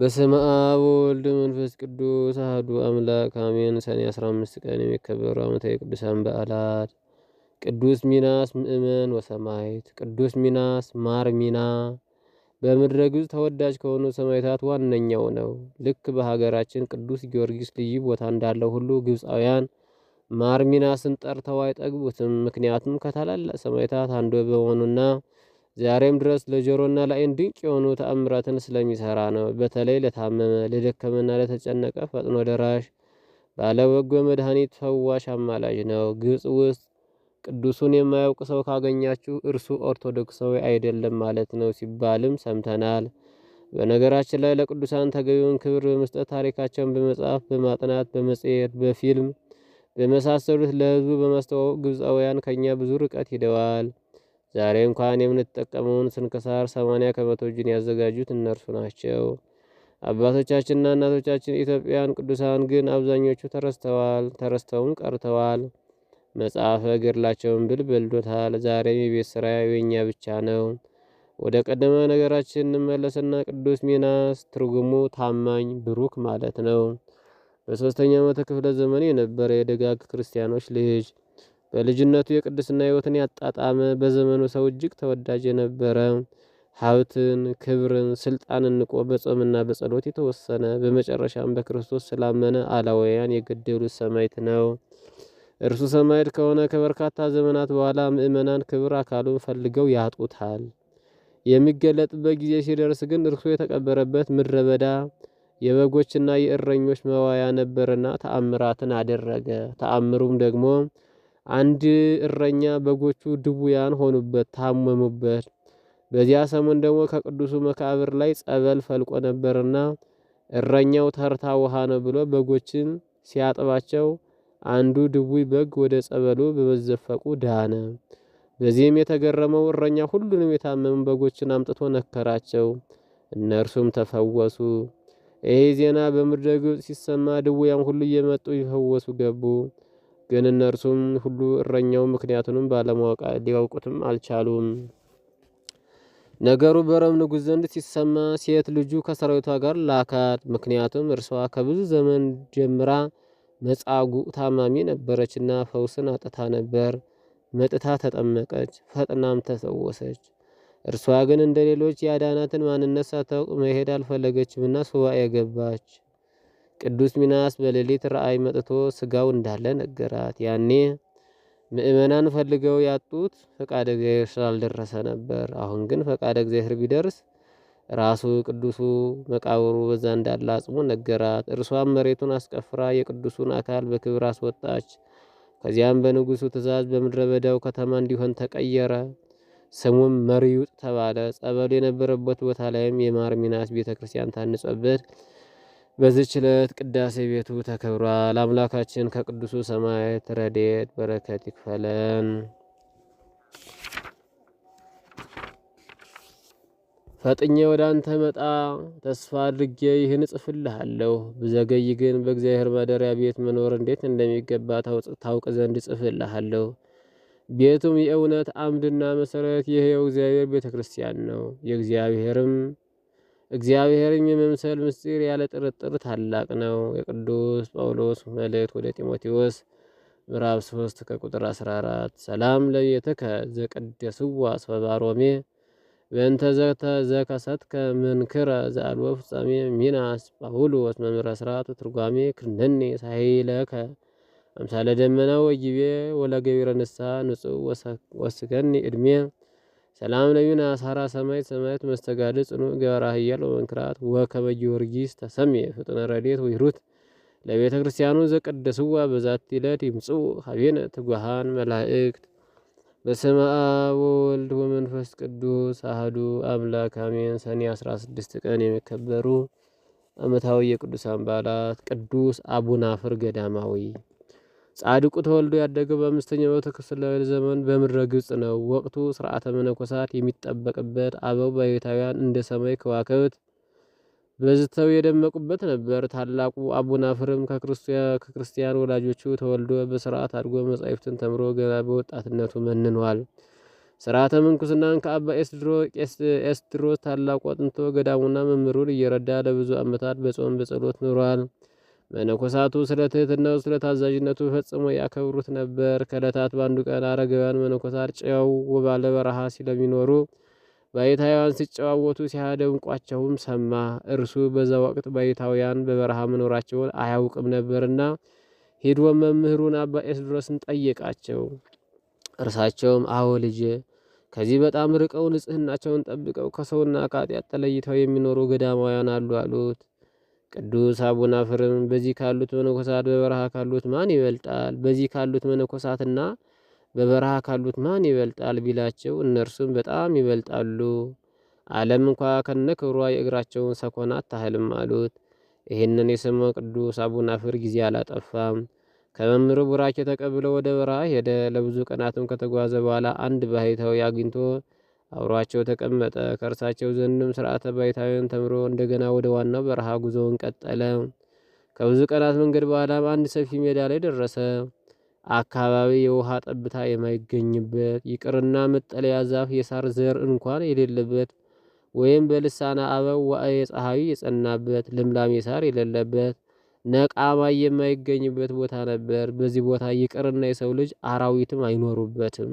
በስመ አብ ወወልድ መንፈስ ቅዱስ አህዱ አምላክ አሜን። ሰኔ 15 ቀን የሚከበሩ ዓመታዊ ቅዱሳን በዓላት ቅዱስ ሚናስ ምእመን ወሰማይት፣ ቅዱስ ሚናስ ማር ሚና በምድረ ግብፅ ተወዳጅ ከሆኑ ሰማዕታት ዋነኛው ነው። ልክ በሀገራችን ቅዱስ ጊዮርጊስ ልዩ ቦታ እንዳለው ሁሉ ግብፃውያን ማር ሚናስን ጠርተው አይጠግቡትም። ምክንያቱም ከታላላቅ ሰማዕታት አንዱ በመሆኑና ዛሬም ድረስ ለጆሮና ለአይን ድንቅ የሆኑ ተአምራትን ስለሚሰራ ነው። በተለይ ለታመመ ለደከመና ለተጨነቀ ፈጥኖ ደራሽ ባለበጎ መድኃኒት ፈዋሽ አማላጅ ነው። ግብፅ ውስጥ ቅዱሱን የማያውቅ ሰው ካገኛችሁ እርሱ ኦርቶዶክሳዊ አይደለም ማለት ነው ሲባልም ሰምተናል። በነገራችን ላይ ለቅዱሳን ተገቢውን ክብር በመስጠት ታሪካቸውን በመጽሐፍ በማጥናት በመጽሔት በፊልም በመሳሰሉት ለህዝቡ በማስተዋወቅ ግብፃውያን ከኛ ብዙ ርቀት ሂደዋል። ዛሬ እንኳን የምንጠቀመውን ስንክሳር ሰማንያ ከመቶ እጅን ያዘጋጁት እነርሱ ናቸው። አባቶቻችንና እናቶቻችን ኢትዮጵያን ቅዱሳን ግን አብዛኞቹ ተረስተዋል፣ ተረስተውም ቀርተዋል። መጽሐፈ ገድላቸውን ብል በልዶታል። ዛሬም የቤት ስራ የኛ ብቻ ነው። ወደ ቀደመ ነገራችን እንመለስና ቅዱስ ሚናስ ትርጉሙ ታማኝ ብሩክ ማለት ነው። በሶስተኛ መቶ ክፍለ ዘመን የነበረ የደጋግ ክርስቲያኖች ልጅ በልጅነቱ የቅድስና ሕይወትን ያጣጣመ በዘመኑ ሰው እጅግ ተወዳጅ የነበረ ሀብትን፣ ክብርን፣ ስልጣንን ንቆ በጾምና በጸሎት የተወሰነ በመጨረሻም በክርስቶስ ስላመነ አላውያን የገደሉት ሰማዕት ነው። እርሱ ሰማዕት ከሆነ ከበርካታ ዘመናት በኋላ ምእመናን ክብር አካሉን ፈልገው ያጡታል። የሚገለጥበት ጊዜ ሲደርስ ግን እርሱ የተቀበረበት ምድረ በዳ የበጎችና የእረኞች መዋያ ነበርና ተአምራትን አደረገ። ተአምሩም ደግሞ አንድ እረኛ በጎቹ ድቡያን ሆኑበት፣ ታመሙበት። በዚያ ሰሞን ደግሞ ከቅዱሱ መቃብር ላይ ጸበል ፈልቆ ነበርና እረኛው ተርታ ውሃ ነው ብሎ በጎችን ሲያጥባቸው አንዱ ድውይ በግ ወደ ጸበሉ በመዘፈቁ ዳነ። በዚህም የተገረመው እረኛ ሁሉንም የታመሙ በጎችን አምጥቶ ነከራቸው፣ እነርሱም ተፈወሱ። ይህ ዜና በምድረ ግብጽ ሲሰማ ድውያን ሁሉ እየመጡ ይፈወሱ ገቡ። ግን እነርሱም ሁሉ እረኛው ምክንያቱንም ባለማወቅ ሊያውቁትም አልቻሉም። ነገሩ በሮም ንጉሥ ዘንድ ሲሰማ ሴት ልጁ ከሰራዊቷ ጋር ላካት። ምክንያቱም እርሷ ከብዙ ዘመን ጀምራ መጻጉዕ ታማሚ ነበረችና ፈውስን አጥታ ነበር። መጥታ ተጠመቀች፣ ፈጥናም ተሰወሰች። እርሷ ግን እንደ ሌሎች የአዳናትን ማንነት ሳታውቅ መሄድ አልፈለገችምና ሱባኤ ገባች። ቅዱስ ሚናስ በሌሊት ራእይ መጥቶ ስጋው እንዳለ ነገራት። ያኔ ምእመናን ፈልገው ያጡት ፈቃደ እግዚአብሔር ስላልደረሰ ነበር። አሁን ግን ፈቃደ እግዚአብሔር ቢደርስ ራሱ ቅዱሱ መቃብሩ በዛ እንዳለ አጽሙ ነገራት። እርሷም መሬቱን አስቀፍራ የቅዱሱን አካል በክብር አስወጣች። ከዚያም በንጉሱ ትእዛዝ በምድረ በዳው ከተማ እንዲሆን ተቀየረ። ስሙም መሪዩጥ ተባለ። ጸበሉ የነበረበት ቦታ ላይም የማር ሚናስ ቤተ ክርስቲያን ታንጾበት በዚህች ዕለት ቅዳሴ ቤቱ ተከብሯል። አምላካችን ከቅዱሱ ሰማያት ረድኤት በረከት ይክፈለን። ፈጥኜ ወደ አንተ መጣ ተስፋ አድርጌ ይህን እጽፍልሃለሁ። ብዘገይ ግን በእግዚአብሔር ማደሪያ ቤት መኖር እንዴት እንደሚገባ ታውቅ ዘንድ እጽፍልሃለሁ። ቤቱም የእውነት አምድና መሰረት የሕያው እግዚአብሔር ቤተ ክርስቲያን ነው። የእግዚአብሔርም እግዚአብሔርን የመምሰል ምስጢር ያለ ጥርጥር ታላቅ ነው። የቅዱስ ጳውሎስ መልእክት ወደ ጢሞቴዎስ ምዕራፍ 3 ከቁጥር 14 ሰላም ለቤተከ ዘቀደስዋ እስፈ ባሮሜ በእንተ ዘከሰትከ መንክረ ዘአልቦ ፍጻሜ ሚናስ ጳውሎስ መምህረ ሥርዓት ትርጓሜ ክንደኔ ሳይለከ አምሳለ ደመና ወይቤ ወለገቢረ ንስሐ ንጹሕ ወስገኒ ዕድሜ ሰላም ለዩን አሳራ ሰማይት ሰማያት መስተጋድ ጽኑ ገበራ ህያል ወመንክራት ወከበ ጊዮርጊስ ተሰምየ ፍጥነ ረዴት ወይሩት ለቤተ ክርስቲያኑ ዘቀደስዋ በዛት ዕለት ይምጽኡ ሀቤነ ትጓሃን መላእክት በስመ አብ ወወልድ ወመንፈስ ቅዱስ አህዱ አምላክ አሜን። ሰኔ 16 ቀን የሚከበሩ ዓመታዊ የቅዱሳን በዓላት፦ ቅዱስ አቡናፍር ገዳማዊ ጻድቁ ተወልዶ ያደገው በአምስተኛው መቶ ክፍለ ዘመን በምድረ ግብጽ ነው። ወቅቱ ስርዓተ መነኮሳት የሚጠበቅበት፣ አበው ባሕታውያን እንደ ሰማይ ከዋክብት በዝተው የደመቁበት ነበር። ታላቁ አቡናፍርም ከክርስቲያን ወላጆቹ ተወልዶ በስርዓት አድጎ መጻሕፍትን ተምሮ ገና በወጣትነቱ መንኗል። ስርዓተ ምንኩስናን ከአባ ኤስድሮስ ታላቁ አጥንቶ ገዳሙና መምህሩን እየረዳ ለብዙ ዓመታት በጾም በጸሎት ኑሯል። መነኮሳቱ ስለ ትህትና ስለ ታዛዥነቱ ፈጽሞ ያከብሩት ነበር። ከእለታት በአንዱ ቀን አረጋውያን መነኮሳት ጨው ባለ በረሃ ስለሚኖሩ ባይታውያን ሲጨዋወቱ ሲያደምቋቸውም ሰማ። እርሱ በዛ ወቅት ባይታውያን በበረሃ መኖራቸውን አያውቅም ነበርና ሄዶ መምህሩን አባ ኤስድሮስን ጠየቃቸው። እርሳቸውም አዎ ልጄ ከዚህ በጣም ርቀው ንጽህናቸውን ጠብቀው ከሰውና ከኃጢአት ተለይተው የሚኖሩ ገዳማውያን አሉ አሉት። ቅዱስ አቡነ አፍርም በዚህ ካሉት መነኮሳት በበረሃ ካሉት ማን ይበልጣል? በዚህ ካሉት መነኮሳትና በበረሃ ካሉት ማን ይበልጣል ቢላቸው እነርሱም በጣም ይበልጣሉ፣ ዓለም እንኳ ከነክብሯ የእግራቸውን ሰኮና አታህልም አሉት። ይህንን የሰማው ቅዱስ አቡነ አፍር ጊዜ አላጠፋም። ከመምህሩ ቡራኬ ተቀብሎ ወደ በረሃ ሄደ። ለብዙ ቀናትም ከተጓዘ በኋላ አንድ ባህታዊ አግኝቶ አብሯቸው ተቀመጠ። ከእርሳቸው ዘንድም ስርዓተ ባይታዊን ተምሮ እንደገና ወደ ዋናው በረሃ ጉዞውን ቀጠለ። ከብዙ ቀናት መንገድ በኋላም አንድ ሰፊ ሜዳ ላይ ደረሰ። አካባቢ የውሃ ጠብታ የማይገኝበት ይቅርና መጠለያ ዛፍ የሳር ዘር እንኳን የሌለበት ወይም በልሳነ አበው ዋዕየ ፀሐዩ የጸናበት ልምላሜ ሳር የሌለበት ነቃማ የማይገኝበት ቦታ ነበር። በዚህ ቦታ ይቅርና የሰው ልጅ አራዊትም አይኖሩበትም።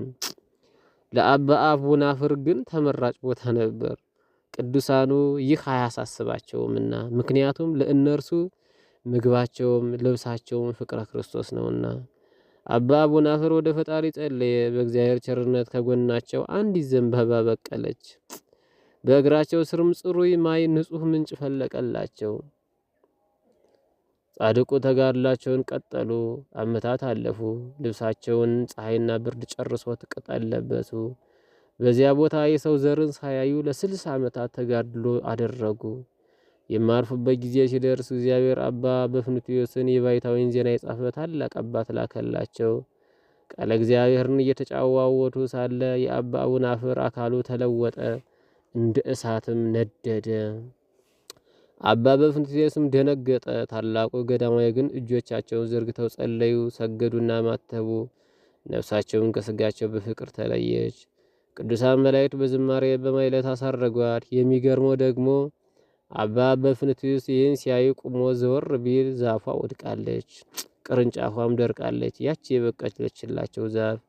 ናፍር ግን ተመራጭ ቦታ ነበር። ቅዱሳኑ ይህ አያሳስባቸውምና ምክንያቱም ለእነርሱ ምግባቸውም ልብሳቸውም ፍቅረ ክርስቶስ ነውና። አባ አቡናፍር ወደ ፈጣሪ ጸለየ። በእግዚአብሔር ቸርነት ከጎናቸው አንዲት ዘንባባ በቀለች። በእግራቸው ስርም ጽሩይ ማይ ንጹህ ምንጭ ፈለቀላቸው። ጻድቁ ተጋድላቸውን ቀጠሉ። ዓመታት አለፉ። ልብሳቸውን ፀሐይና ብርድ ጨርሶት ቅጠል ለበሱ። በዚያ ቦታ የሰው ዘርን ሳያዩ ለስልሳ ዓመታት ተጋድሎ አደረጉ። የማርፉበት ጊዜ ሲደርስ እግዚአብሔር አባ በፍኑትዮስን የባይታዊን ዜና የጻፈ ታላቅ አባት ላከላቸው። ቃለ እግዚአብሔርን እየተጫዋወቱ ሳለ የአባ አቡናፍር አካሉ ተለወጠ፣ እንደ እሳትም ነደደ። አባ በፍንትሴስም ደነገጠ። ታላቁ ገዳማዊ ግን እጆቻቸውን ዘርግተው ጸለዩ፣ ሰገዱና ማተቡ። ነፍሳቸውን ከስጋቸው በፍቅር ተለየች። ቅዱሳን መላእክት በዝማሬ በማይለት አሳረጓት። የሚገርመው ደግሞ አባ በፍንትስ ይህን ሲያዩ ቁሞ ዘወር ቢል ዛፏ ወድቃለች፣ ቅርንጫፏም ደርቃለች። ያቺ የበቀለችላቸው ዛፍ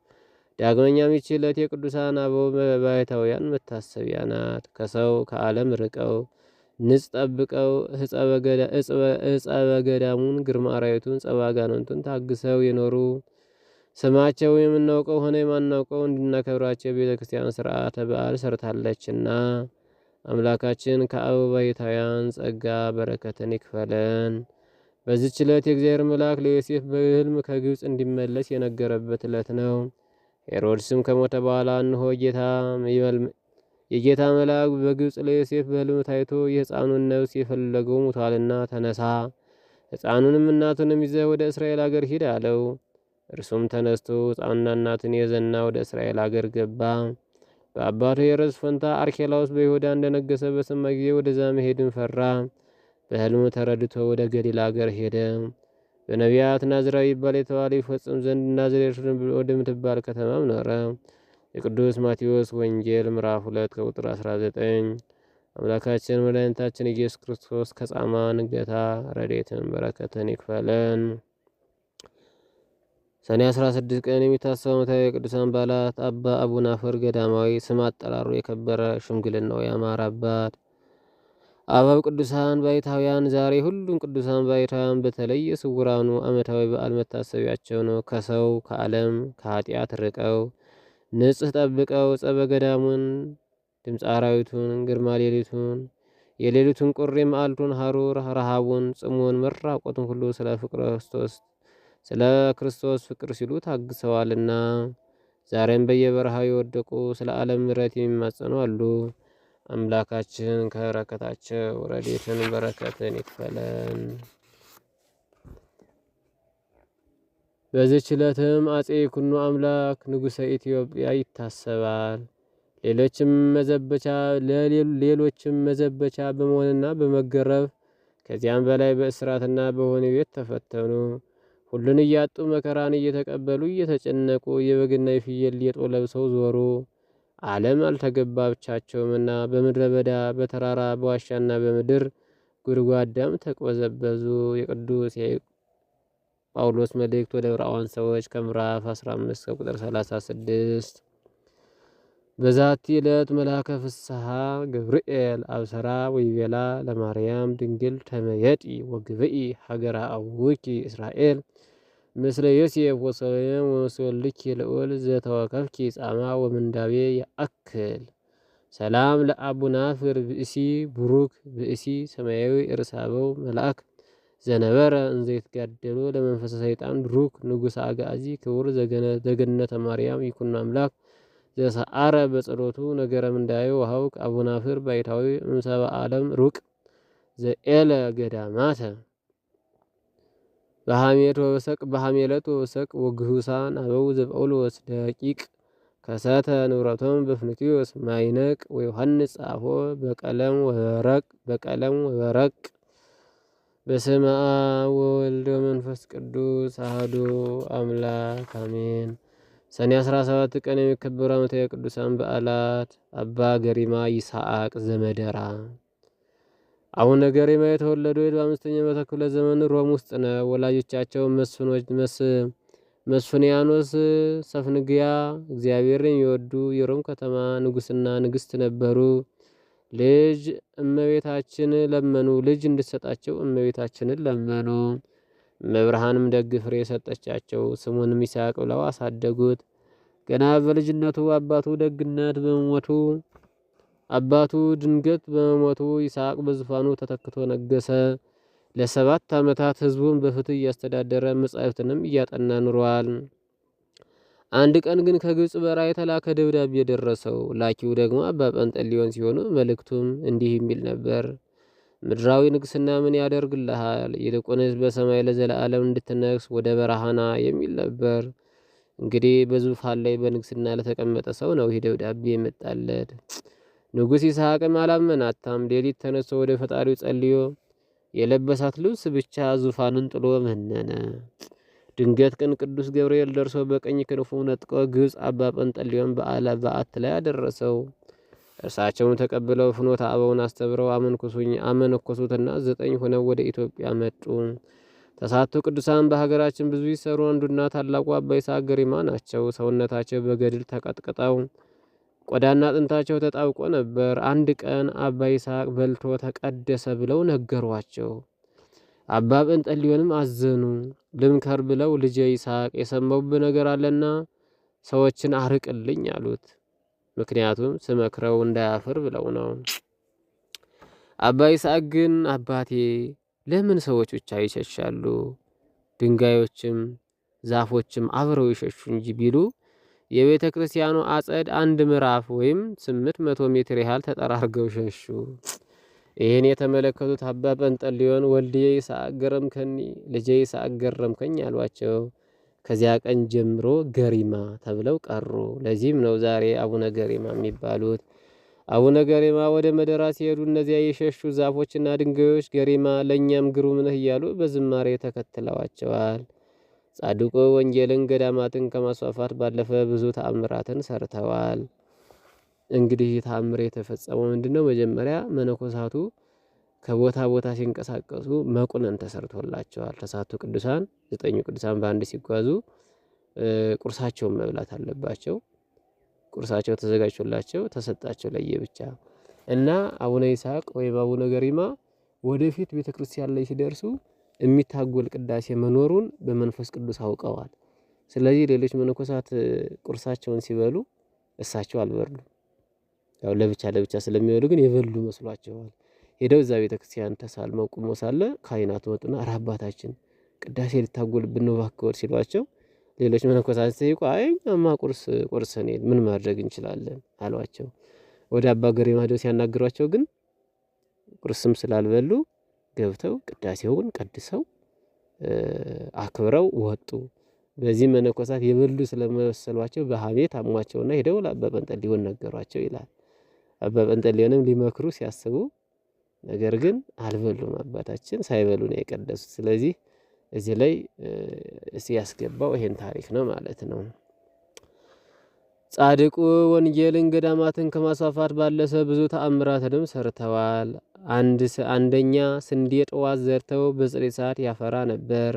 ዳግመኛም ይህች የቅዱሳን አበው ባሕታውያን መታሰቢያ ናት። ከሰው ከዓለም ርቀው ንጽ ጠብቀው እጸበ ገዳሙን ግርማ አራዊቱን ጸባጋኖንቱን ታግሰው የኖሩ ስማቸው የምናውቀው ሆነ የማናውቀው እንድናከብራቸው የቤተ ክርስቲያን ስርዓተ በዓል ሰርታለችና አምላካችን ከአበባይታውያን ጸጋ በረከትን ይክፈለን። በዚች ዕለት የእግዚአብሔር መልአክ ለዮሴፍ በሕልም ከግብፅ እንዲመለስ የነገረበት ዕለት ነው። ሄሮድስም ከሞተ በኋላ እንሆ ጌታ የጌታ መልአክ በግብፅ ለዮሴፍ በህልም ታይቶ የሕፃኑን ነፍስ የፈለገው ሙቷልና ተነሳ፣ ሕፃኑንም እናቱንም ይዘህ ወደ እስራኤል አገር ሂድ አለው። እርሱም ተነስቶ ሕፃኑና እናቱን የዘና ወደ እስራኤል አገር ገባ። በአባቱ የረስ ፈንታ አርኬላውስ በይሁዳ እንደነገሰ በሰማ ጊዜ ወደዛ መሄድን ፈራ። በህልሙ ተረድቶ ወደ ገሊላ አገር ሄደ። በነቢያት ናዝራዊ ይባል የተባለ ይፈጽም ዘንድ ናዝሬት ወደምትባል ከተማም ኖረ። የቅዱስ ማቴዎስ ወንጌል ምዕራፍ 2 ቁጥር 19 አምላካችን መድኃኒታችን ኢየሱስ ክርስቶስ ከጻማ ንገታ ረዴትን በረከትን ይክፈለን። ሰኔ 16 ቀን የሚታሰቡ ዓመታዊ የቅዱሳን በዓላት አባ አፈር ገዳማዊ ስም አጠራሩ የከበረ ሽምግልናው ያማረ አባት አበው ቅዱሳን ባይታውያን ዛሬ ሁሉም ቅዱሳን ባይታውያን በተለየ የስውራኑ ዓመታዊ በዓል መታሰቢያቸው ነው። ከሰው ከዓለም ከኃጢአት ርቀው ንጽህ ጠብቀው ጸበ ገዳሙን ድምፀ አራዊቱን ግርማ ሌሊቱን የሌሊቱን ቁሪ መዓልቱን ሀሩር ረሃቡን ጽሙን መራቆቱን ሁሉ ስለ ፍቅረ ክርስቶስ ስለ ክርስቶስ ፍቅር ሲሉ ታግሰዋልና ዛሬም በየበረሃው የወደቁ ስለ ዓለም ምረት የሚማጸኑ አሉ። አምላካችን ከበረከታቸው ረዴትን በረከትን ይክፈለን። በዚች ዕለትም አጼ ይኩኖ አምላክ ንጉሠ ኢትዮጵያ ይታሰባል። ሌሎችም መዘበቻ ለሌሎችም መዘበቻ በመሆንና በመገረፍ ከዚያም በላይ በእስራትና በሆነ ቤት ተፈተኑ። ሁሉን እያጡ መከራን እየተቀበሉ እየተጨነቁ የበግና የፍየል ሌጦ ለብሰው ዞሩ። ዓለም አልተገባብቻቸውምና በምድረ በዳ በተራራ በዋሻና በምድር ጉድጓዳም ተቆዘበዙ። የቅዱስ ጳውሎስ መልእክት ወደ ዕብራውያን ሰዎች ከምዕራፍ 15 ከቁጥር 36 በዛቲ ዕለት መልአከ ፍስሐ ገብርኤል አብሰራ ወይቤላ ለማርያም ድንግል ተመየጢ ወግብኢ ሀገረ አቡኪ እስራኤል ምስለ ዮሴፍ ወሰለም ወመስወልኪ ልዑል ዘተወከፍኪ ጻማ ወምንዳቤ ያአክል ሰላም ለአቡናፍር ብእሲ ቡሩክ ብእሲ ሰማያዊ እርሳበው መልአክ ዘነበረ እንዘ ለመንፈሰ ሰይጣን ድሩክ ንጉሥ አጋዚ ክቡር ዘገነተ ማርያም ይኩን አምላክ ዘሰአረ በጸሎቱ ነገረ ምንዳዩ ወሀውቅ አቡናፍር ባይታዊ እምሰበ ዓለም ሩቅ ዘኤለ ገዳማተ በሐሜት ወበሰቅ በሐሜለት ወበሰቅ ወግሁሳን አበው ዘጳውሎስ ደቂቅ ከሰተ ንብረቶም በፍንቲዮስ ማይነቅ ወዮሐንስ ጻፎ በቀለም ወበረቅ በቀለም ወበረቅ በስመ አብ ወወልድ ወመንፈስ ቅዱስ አህዱ አምላክ አሜን። ሰኔ 17 ቀን የሚከበሩ ዓመታዊ የቅዱሳን በዓላት አባ ገሪማ ይስሐቅ ዘመደራ። አቡነ ገሪማ የተወለዱ በአምስተኛ መቶ ክፍለ ዘመን ሮም ውስጥ ነው። ወላጆቻቸው መስፍንያኖስ ሰፍንግያ እግዚአብሔርን የሚወዱ የሮም ከተማ ንጉሥና ንግሥት ነበሩ። ልጅ እመቤታችን ለመኑ ልጅ እንድሰጣቸው እመቤታችንን ለመኑ። መብርሃንም ደግ ፍሬ የሰጠቻቸው ስሙንም ይስሐቅ ብለው አሳደጉት። ገና በልጅነቱ አባቱ ደግነት በመሞቱ አባቱ ድንገት በመሞቱ ይስሐቅ በዙፋኑ ተተክቶ ነገሰ። ለሰባት ዓመታት ሕዝቡን በፍትህ እያስተዳደረ መጻሕፍትንም እያጠና ኑሯል። አንድ ቀን ግን ከግብፅ በራ የተላከ ደብዳቤ ደረሰው። ላኪው ደግሞ አባ ጰንጠሊዮን ሲሆኑ መልእክቱም እንዲህ የሚል ነበር። ምድራዊ ንግስና ምን ያደርግልሃል? ይልቁንስ በሰማይ ለዘለዓለም እንድትነግስ ወደ በረሃና የሚል ነበር። እንግዲህ በዙፋን ላይ በንግስና ለተቀመጠ ሰው ነው ይህ ደብዳቤ የመጣለት። ንጉሥ ይስሐቅም አላመናታም። ሌሊት ተነስቶ ወደ ፈጣሪው ጸልዮ የለበሳት ልብስ ብቻ ዙፋንን ጥሎ መነነ። ድንገት ቀን ቅዱስ ገብርኤል ደርሶ በቀኝ ክንፉ ነጥቆ ግብፅ አባ ጰንጠሊዮን በዓለ በዓት ላይ አደረሰው። እርሳቸውን ተቀብለው ፍኖተ አበውን አስተብረው አመንኩሱኝ አመነኮሱትና ዘጠኝ ሆነው ወደ ኢትዮጵያ መጡ። ተሳቱ ቅዱሳን በሀገራችን ብዙ ይሰሩ። አንዱና ታላቁ አባ ይስሐቅ ገሪማ ናቸው። ሰውነታቸው በገድል ተቀጥቅጠው ቆዳና አጥንታቸው ተጣብቆ ነበር። አንድ ቀን አባ ይስሐቅ በልቶ ተቀደሰ ብለው ነገሯቸው። አባ ጴንጠሌዎንም አዘኑ። ልምከር ብለው ልጄ ይስሐቅ የሰማሁብህ ነገር አለና ሰዎችን አርቅልኝ አሉት። ምክንያቱም ስመክረው እንዳያፍር ብለው ነው። አባ ይስሐቅ ግን አባቴ ለምን ሰዎች ብቻ ይሸሻሉ? ድንጋዮችም ዛፎችም አብረው ይሸሹ እንጂ ቢሉ የቤተ ክርስቲያኑ አጸድ አንድ ምዕራፍ ወይም ስምንት መቶ ሜትር ያህል ተጠራርገው ሸሹ። ይህን የተመለከቱት አባ ጰንጠሌዎን ወልድየ ይስሐቅ ገረምከኒ ልጄ ይስሐቅ ገረምከኝ አሏቸው። ከዚያ ቀን ጀምሮ ገሪማ ተብለው ቀሩ። ለዚህም ነው ዛሬ አቡነ ገሪማ የሚባሉት። አቡነ ገሪማ ወደ መደራ ሲሄዱ እነዚያ የሸሹ ዛፎችና ድንጋዮች ገሪማ ለእኛም ግሩም ነህ እያሉ በዝማሬ ተከትለዋቸዋል። ጻድቁ ወንጌልን ገዳማትን ከማስፋፋት ባለፈ ብዙ ተአምራትን ሰርተዋል። እንግዲህ ተአምር የተፈጸመው ምንድነው? መጀመሪያ መነኮሳቱ ከቦታ ቦታ ሲንቀሳቀሱ መቁነን ተሰርቶላቸዋል። ተሳቱ ቅዱሳን ዘጠኙ ቅዱሳን በአንድ ሲጓዙ ቁርሳቸውን መብላት አለባቸው። ቁርሳቸው ተዘጋጅቶላቸው ተሰጣቸው ለየብቻ እና አቡነ ይስሐቅ ወይም አቡነ ገሪማ ወደፊት ቤተ ክርስቲያን ላይ ሲደርሱ የሚታጎል ቅዳሴ መኖሩን በመንፈስ ቅዱስ አውቀዋል። ስለዚህ ሌሎች መነኮሳት ቁርሳቸውን ሲበሉ እሳቸው አልበሉም። ያው ለብቻ ለብቻ ስለሚበሉ ግን የበሉ መስሏቸዋል። ሄደው እዛ ቤተ ክርስቲያን ተሳልመው ቁሞ ሳለ ካህናቱ መጡና ኧረ አባታችን ቅዳሴ ልታጎል ብንባክወድ ሲሏቸው ሌሎች መነኮሳት ሲጠይቁ አይ እኛማ ቁርስ ቁርስን ምን ማድረግ እንችላለን አሏቸው። ወደ አባ ገሪማ ሄደው ሲያናግሯቸው ግን ቁርስም ስላልበሉ ገብተው ቅዳሴውን ቀድሰው አክብረው ወጡ። በዚህ መነኮሳት የበሉ ስለመሰሏቸው በሐሜት አሟቸውና ሄደው ለአባ ጰንጠሌዎን ነገሯቸው ይላል። አባ ጰንጠሌዎንም ሊመክሩ ሲያስቡ ነገር ግን አልበሉም። አባታችን ሳይበሉ ነው የቀደሱት። ስለዚህ እዚህ ላይ ሲያስገባው ይሄን ታሪክ ነው ማለት ነው። ጻድቁ ወንጌልን ገዳማትን ከማስፋፋት ባለፈ ብዙ ተአምራትንም ሰርተዋል። አንደኛ ስንዴ ጠዋት ዘርተው በጽሬት ሰዓት ያፈራ ነበር፣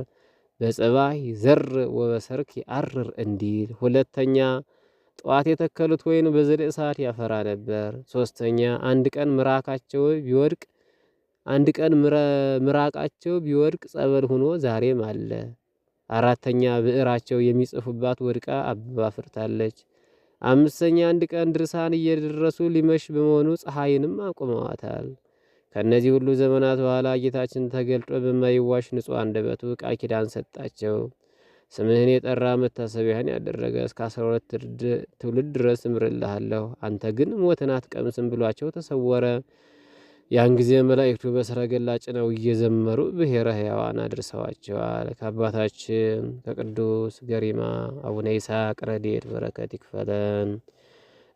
በጸባህ ዘር ወበሰርክ አርር እንዲል። ሁለተኛ ጠዋት የተከሉት ወይን በዘጠኝ ሰዓት ያፈራ ነበር። ሶስተኛ አንድ ቀን ምራቃቸው ቢወድቅ አንድ ቀን ምራቃቸው ቢወድቅ ጸበል ሆኖ ዛሬም አለ። አራተኛ ብዕራቸው የሚጽፉባት ወድቃ አበባ አፍርታለች። አምስተኛ አንድ ቀን ድርሳን እየደረሱ ሊመሽ በመሆኑ ፀሐይንም አቁመዋታል። ከእነዚህ ሁሉ ዘመናት በኋላ ጌታችን ተገልጦ በማይዋሽ ንጹሕ አንደበቱ ቃል ኪዳን ሰጣቸው። ስምህን የጠራ መታሰቢያን ያደረገ እስከ አስራ ሁለት ትውልድ ድረስ እምርልሃለሁ። አንተ ግን ሞትን አትቀምስም ብሏቸው ተሰወረ። ያን ጊዜ መላእክቱ በሰረገላ ጭነው እየዘመሩ ብሔረ ሕያዋን አድርሰዋቸዋል። ከአባታችን ከቅዱስ ገሪማ አቡነ ይስሐቅ ረድኤት በረከት ይክፈለን።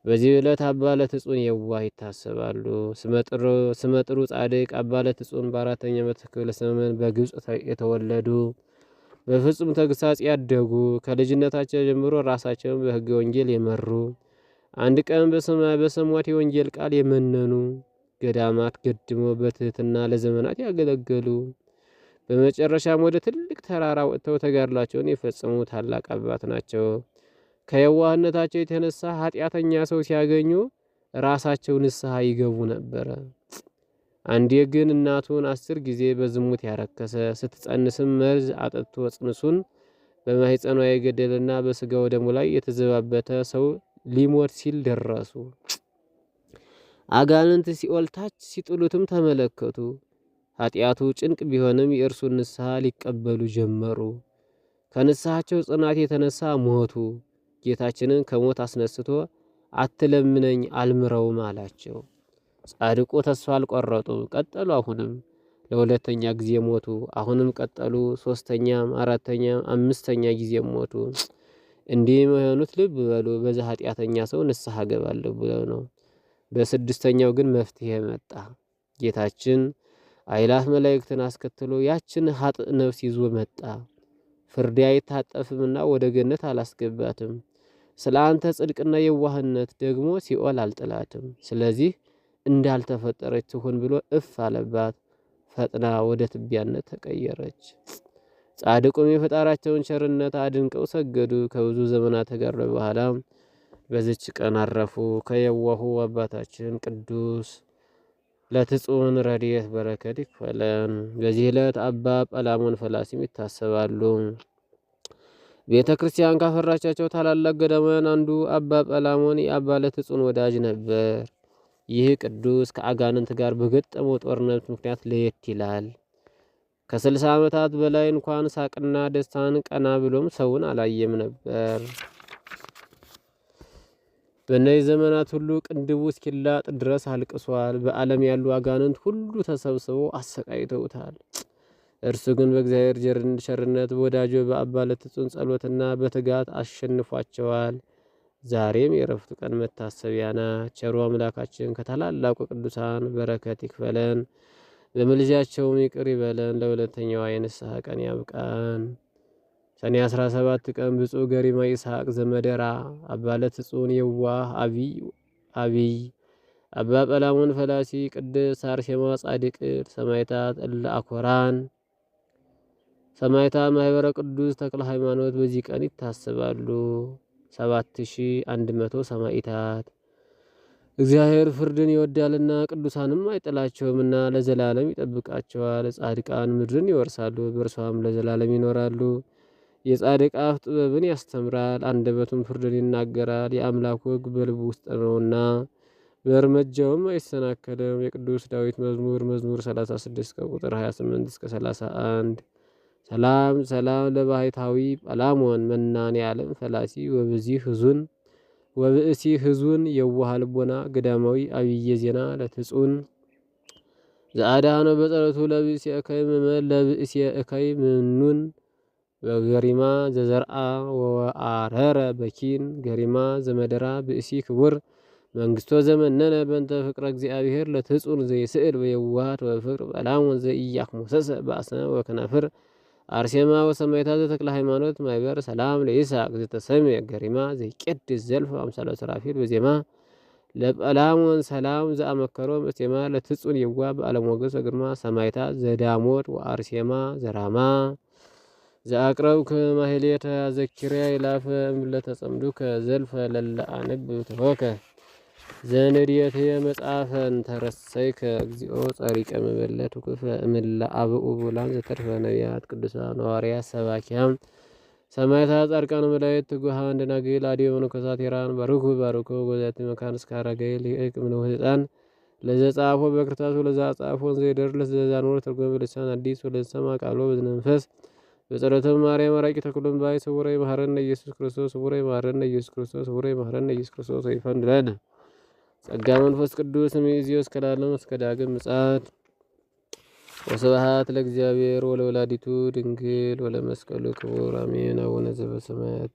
በዚህ ዕለት አባ ለትጹን የዋህ ይታሰባሉ። ስመጥሩ ጻድቅ አባ ለትጹን በአራተኛ መቶ ክፍለ ዘመን በግብፅ የተወለዱ በፍጹም ተግሳጽ ያደጉ ከልጅነታቸው ጀምሮ ራሳቸውን በሕገ ወንጌል የመሩ አንድ ቀን በሰሟት የወንጌል ቃል የመነኑ ገዳማት ገድሞ በትህትና ለዘመናት ያገለገሉ በመጨረሻም ወደ ትልቅ ተራራ ወጥተው ተጋድሏቸውን የፈጸሙ ታላቅ አባት ናቸው። ከየዋህነታቸው የተነሳ ኃጢአተኛ ሰው ሲያገኙ ራሳቸው ንስሐ ይገቡ ነበረ። አንዴ ግን እናቱን አስር ጊዜ በዝሙት ያረከሰ ስትጸንስም መርዝ አጠጥቶ ጽንሱን በማህፀኗ የገደለና በስጋው ደሙ ላይ የተዘባበተ ሰው ሊሞት ሲል ደረሱ። አጋንንት ሲኦል ታች ሲጥሉትም ተመለከቱ። ኃጢአቱ ጭንቅ ቢሆንም የእርሱን ንስሐ ሊቀበሉ ጀመሩ። ከንስሐቸው ጽናት የተነሳ ሞቱ። ጌታችንን ከሞት አስነስቶ አትለምነኝ አልምረውም አላቸው። ጻድቁ ተስፋ አልቆረጡ ቀጠሉ። አሁንም ለሁለተኛ ጊዜ ሞቱ። አሁንም ቀጠሉ። ሶስተኛም፣ አራተኛም፣ አምስተኛ ጊዜ ሞቱ። እንዲህ የሆኑት ልብ በሉ በዛ ኃጢአተኛ ሰው ንስሐ ገባለሁ ብለው ነው። በስድስተኛው ግን መፍትሄ መጣ። ጌታችን አይላፍ መላእክትን አስከትሎ ያችን ሀጥ ነፍስ ይዞ መጣ። ፍርዴ አይታጠፍምና ወደ ገነት አላስገባትም። ስለ አንተ ጽድቅና የዋህነት ደግሞ ሲኦል አልጥላትም። ስለዚህ እንዳልተፈጠረች ትሁን ብሎ እፍ አለባት። ፈጥና ወደ ትቢያነት ተቀየረች። ጻድቁም የፈጣራቸውን ቸርነት አድንቀው ሰገዱ። ከብዙ ዘመናት ተጋድሎ በኋላ በዚች ቀን አረፉ። ከየዋሁ አባታችን ቅዱስ ለትጹን ረድኤት በረከት ይክፈለን። በዚህ ዕለት አባ ጰላሞን ፈላሲም ይታሰባሉ። ቤተ ክርስቲያን ካፈራቻቸው ታላላቅ ገዳማውያን አንዱ አባ ጰላሞን የአባ ለትጹን ወዳጅ ነበር። ይህ ቅዱስ ከአጋንንት ጋር በገጠመው ጦርነት ምክንያት ለየት ይላል። ከስልሳ ዓመታት በላይ እንኳን ሳቅና ደስታን ቀና ብሎም ሰውን አላየም ነበር። በእነዚህ ዘመናት ሁሉ ቅንድቡ እስኪላጥ ድረስ አልቅሷል። በዓለም ያሉ አጋንንት ሁሉ ተሰብስበው አሰቃይተውታል። እርሱ ግን በእግዚአብሔር ቸርነት በወዳጆ በአባ ለትጹን ጸሎትና በትጋት አሸንፏቸዋል። ዛሬም የዕረፍቱ ቀን መታሰቢያ ናት። ቸሩ አምላካችን ከታላላቁ ቅዱሳን በረከት ይክፈለን፣ በምልጃቸውም ይቅር ይበለን፣ ለሁለተኛዋ የንስሐ ቀን ያብቃን። ሰኔ 17 ቀን ብፁዕ ገሪማ ይስሐቅ ዘመደራ፣ አባለት ጽዮን የዋህ አብይ አብይ አባ ጰላሞን ፈላሲ፣ ቅድስት አርሴማ ጻድቅት፣ ሰማይታት እለ አኮራን ሰማይታ ማህበረ ቅዱስ ተክለ ሃይማኖት በዚህ ቀን ይታሰባሉ። ሰባት ሺህ መቶ ሰማዕታት። እግዚአብሔር ፍርድን ይወዳልና ቅዱሳንም አይጥላቸውምና ለዘላለም ይጠብቃቸዋል። ጻድቃን ምድርን ይወርሳሉ በእርሷም ለዘላለም ይኖራሉ። የጻድቅ አፍ ጥበብን ያስተምራል፣ አንደበቱም ፍርድን ይናገራል። የአምላክ ሕግ በልቡ ውስጥ ነውና በእርምጃውም አይሰናከልም። የቅዱስ ዳዊት መዝሙር መዝሙር 36 ከቁጥር 28 እስከ 31 ሰላም ሰላም ለባሕታዊ ጳላሞን መናን የዓለም ፈላሲ ወብዚህ ህዙን ወብእሲ ህዙን የዋሃ ልቦና ገዳማዊ አብየ ዜና ለትጹን ዘአዳኖ በጸሎቱ ለብእሲ እከይ ምመን ለብእሲ እከይ ምኑን በገሪማ ዘዘርአ ወአረረ በኪን ገሪማ ዘመደራ ብእሲ ክቡር መንግስቶ ዘመነነ በእንተ ፍቅረ እግዚአብሔር ለትጹን ዘይስእል በየዋሃት ወፍቅር ጳላሞን ዘኢያክሙሰሰ በአስነ ወከናፍር አርሴማ ወሰማይታ ዘተክለ ሃይማኖት ማይበር ሰላም ለይስሐቅ ዘተሰምየ ገሪማ ዘይቄድስ ዘልፍ አምሳለ ሰራፊት በዜማ ለቀላሞን ሰላም ዘአመከሮም እስቴማ ለትጹን የዋ በአለም ወገስ በግርማ ሰማይታ ዘዳሞት ወአርሴማ ዘራማ ዘአቅረብ ከማህሌታ ዘኪርያ ይላፈ እምለተጸምዱከ ዘልፈ ለለአነብ ተሆከ ዘንድየትየ መጽሐፈን ተረሰይከ ከእግዚኦ ጸሪቀ መበለት ውክፈ እምላ አብኡ ቡላን ዘተርፈ ነቢያት ቅዱሳን ሐዋርያት ሰባኪያም ሰማዕታት ጻድቃን መላእክት ትጉሃን ደናግል አዲ መነኮሳት ቴራን ባርኩ ባርኩ ወዘት መካን እስካረገይ ሊቅ ምንው ህፃን ለዘጻፎ በክርታሱ ለዘጻፎ ዘይደር ለዘዛኖር ትርጉም ልሳን አዲስ ወለሰማ ቃሎ በዝነንፈስ በጸሎተ ማርያም አራቂ ተክሉም ባይ ስውረ ይማረን ኢየሱስ ክርስቶስ ስውረ ይማረን ኢየሱስ ክርስቶስ ስውረ ይማረን ኢየሱስ ክርስቶስ ይፈንድለን ጸጋ መንፈስ ቅዱስ ሚእዝዮ እስከ ለዓለም እስከ ዳግም ምጽአት ወስብሐት ለእግዚአብሔር ወለወላዲቱ ድንግል ወለመስቀሉ ክቡር አሜን። አቡነ ዘበሰማያት